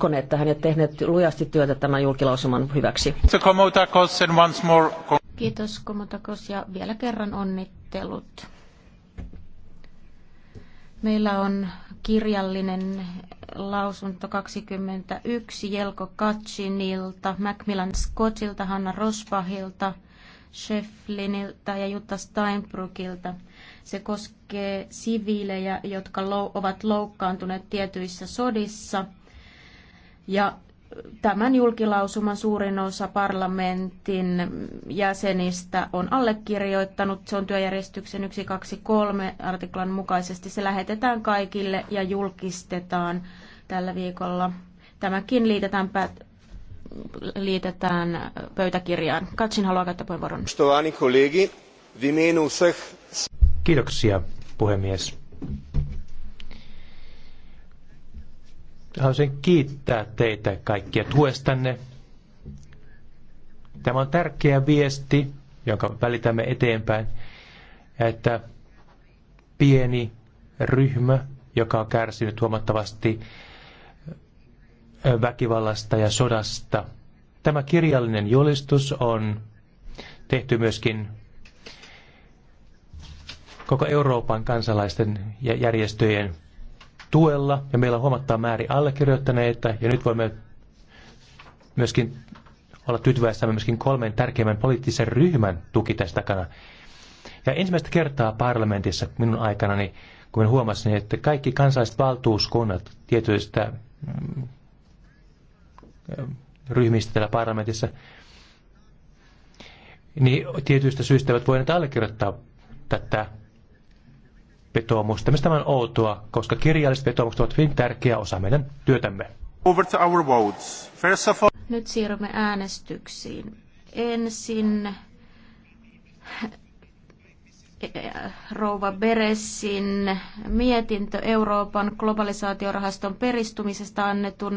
uskoneet tähän ja tehneet lujasti työtä tämän julkilausuman hyväksi. Kiitos Komotakos ja vielä kerran onnittelut. Meillä on kirjallinen lausunto 21 Jelko Katsinilta, Macmillan Scottilta, Hanna Rosbachilta, Schefflinilta ja Jutta Steinbrückilta. Se koskee siviilejä, jotka ovat loukkaantuneet tietyissä sodissa – ja tämän julkilausuman suurin osa parlamentin jäsenistä on allekirjoittanut. Se on työjärjestyksen 123 artiklan mukaisesti. Se lähetetään kaikille ja julkistetaan tällä viikolla. Tämäkin liitetään, päät- liitetään pöytäkirjaan. Katsin haluaa käyttää puheenvuoron. Kiitoksia, puhemies. Haluaisin kiittää teitä kaikkia tuestanne. Tämä on tärkeä viesti, jonka välitämme eteenpäin, että pieni ryhmä, joka on kärsinyt huomattavasti väkivallasta ja sodasta. Tämä kirjallinen julistus on tehty myöskin koko Euroopan kansalaisten ja järjestöjen tuella ja meillä on huomattava määrä allekirjoittaneita ja nyt voimme myöskin olla tyytyväisiä myöskin kolmen tärkeimmän poliittisen ryhmän tuki tästä takana. Ja ensimmäistä kertaa parlamentissa minun aikanani, kun huomasin, että kaikki kansalliset valtuuskunnat tietyistä mm, ryhmistä täällä parlamentissa, niin tietyistä syistä eivät voineet allekirjoittaa tätä vetoomusta. Mistä on outoa, koska kirjalliset vetoomukset ovat hyvin tärkeä osa meidän työtämme. Over to our votes. First of all... Nyt siirrymme äänestyksiin. Ensin eh, rouva Beresin mietintö Euroopan globalisaatiorahaston peristumisesta annetun